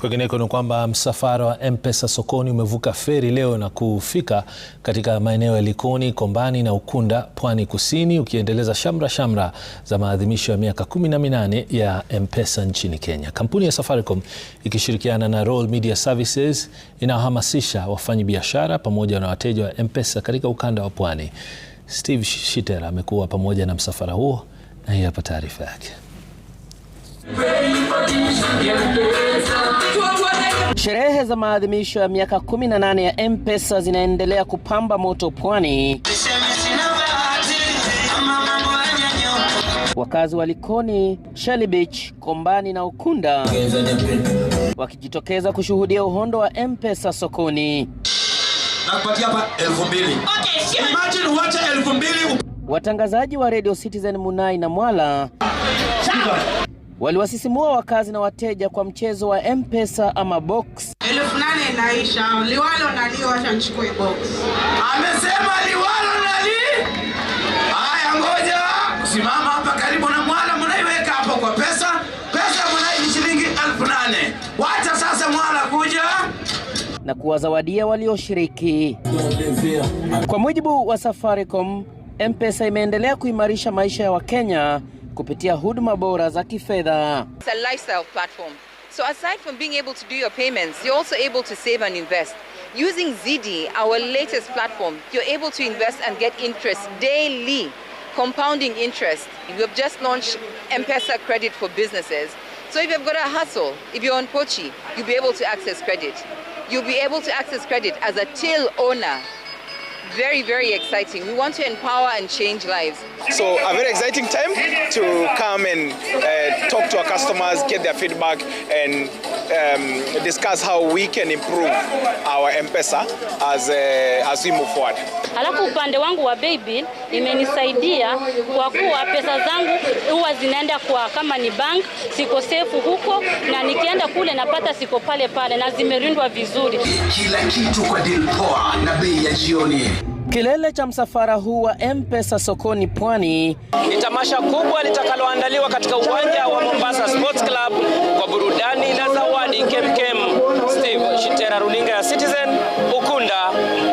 Kwingineko ni kwamba msafara wa Mpesa sokoni umevuka feri leo na kufika katika maeneo ya Likoni, Kombani na Ukunda, Pwani Kusini, ukiendeleza shamra shamra za maadhimisho ya miaka 18 ya Mpesa nchini Kenya. Kampuni ya Safaricom ikishirikiana na Royal Media Services inawahamasisha biashara pamoja na wateja wa Mpesa katika ukanda wa Pwani. Steve Shitera amekuwa pamoja na msafara huo na hii hapa taarifa yake. Sherehe za maadhimisho ya miaka 18 ya M-Pesa zinaendelea kupamba moto Pwani. Wakazi wa Likoni, Shelly Beach, Kombani na Ukunda wakijitokeza kushuhudia uhondo wa M-Pesa sokoni. Nakupatia hapa elfu mbili. Okay, imagine uache elfu mbili. Watangazaji wa Radio Citizen Munai na Mwala waliwasisimua wakazi na wateja kwa mchezo wa M-Pesa ama box. Elfu nane inaisha, liwalo na lio, acha nichukue box. Amesema liwalo na li. Haya, ngoja simama hapa karibu na mwala, mnaiweka hapo kwa pesa. Pesa mnai ni shilingi elfu nane. Wacha sasa mwala kuja na kuwazawadia walioshiriki. Kwa mujibu wa Safaricom, M-Pesa imeendelea kuimarisha maisha ya Wakenya kupitia huduma bora za kifedha. It's a lifestyle platform. So aside from being able to do your payments, you're also able to save and invest. Using ZD, our latest platform, you're able to invest and get interest daily, compounding interest. We've just launched M-Pesa credit for businesses. So if you've got a hustle, if you're on Pochi, you'll be able to access credit. You'll be able to access credit as a till owner very, very exciting. We want to empower and change lives. So a very exciting time to come and uh, talk to our customers, get their feedback and um, discuss how we can improve our M-Pesa as, uh, as we move forward. Alafu upande wangu wa Baybill imenisaidia kwa kuwa pesa zangu huwa zinaenda kwa, kama ni bank siko sefu huko, na nikienda kule napata siko pale pale, na zimerindwa vizuri, kila kitu kwa deal poa na bei ya jioni. Kilele cha msafara huu wa M-Pesa sokoni Pwani ni tamasha kubwa litakaloandaliwa katika uwanja wa Mombasa Sports Club kwa burudani na zawadi kemkem. Steve Shitera, runinga ya Citizen, Ukunda.